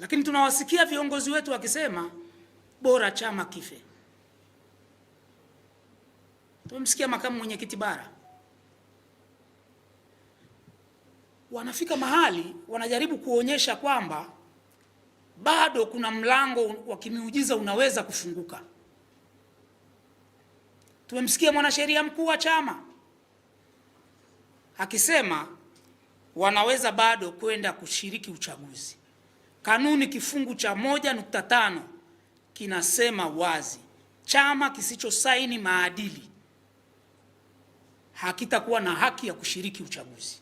Lakini tunawasikia viongozi wetu wakisema bora chama kife. Tumemsikia makamu mwenyekiti bara. Wanafika mahali wanajaribu kuonyesha kwamba bado kuna mlango wa kimiujiza unaweza kufunguka. Tumemsikia mwanasheria mkuu wa chama akisema wanaweza bado kwenda kushiriki uchaguzi. Kanuni kifungu cha moja nukta tano kinasema wazi, chama kisichosaini maadili hakitakuwa na haki ya kushiriki uchaguzi.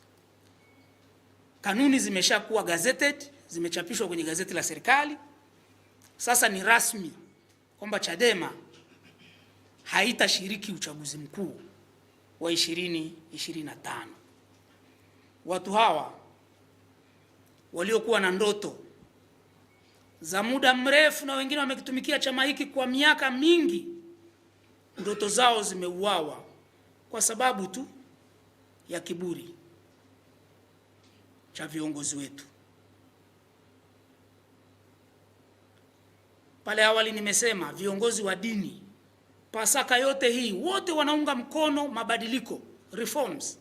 Kanuni zimeshakuwa gazetted, zimechapishwa kwenye gazeti la serikali. Sasa ni rasmi kwamba Chadema haitashiriki uchaguzi mkuu wa 2025. Watu hawa waliokuwa na ndoto za muda mrefu, na wengine wamekitumikia chama hiki kwa miaka mingi, ndoto zao zimeuawa kwa sababu tu ya kiburi cha viongozi wetu. Pale awali nimesema viongozi wa dini, Pasaka yote hii wote wanaunga mkono mabadiliko reforms,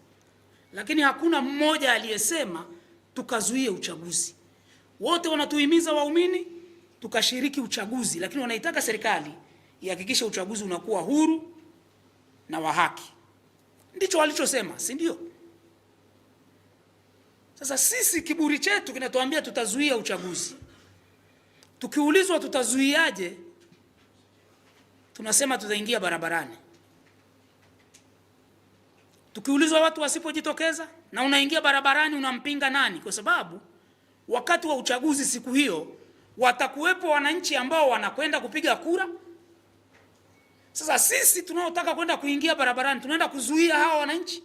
lakini hakuna mmoja aliyesema tukazuie uchaguzi. Wote wanatuhimiza waumini tukashiriki uchaguzi, lakini wanaitaka serikali ihakikishe uchaguzi unakuwa huru na wa haki. Ndicho walichosema, si ndio? Sasa sisi kiburi chetu kinatuambia tutazuia uchaguzi. Tukiulizwa tutazuiaje, tunasema tutaingia barabarani. Tukiulizwa watu wasipojitokeza, na unaingia barabarani, unampinga nani? Kwa sababu wakati wa uchaguzi siku hiyo watakuwepo wananchi ambao wanakwenda kupiga kura. Sasa sisi tunaotaka kwenda kuingia barabarani tunaenda kuzuia hawa wananchi?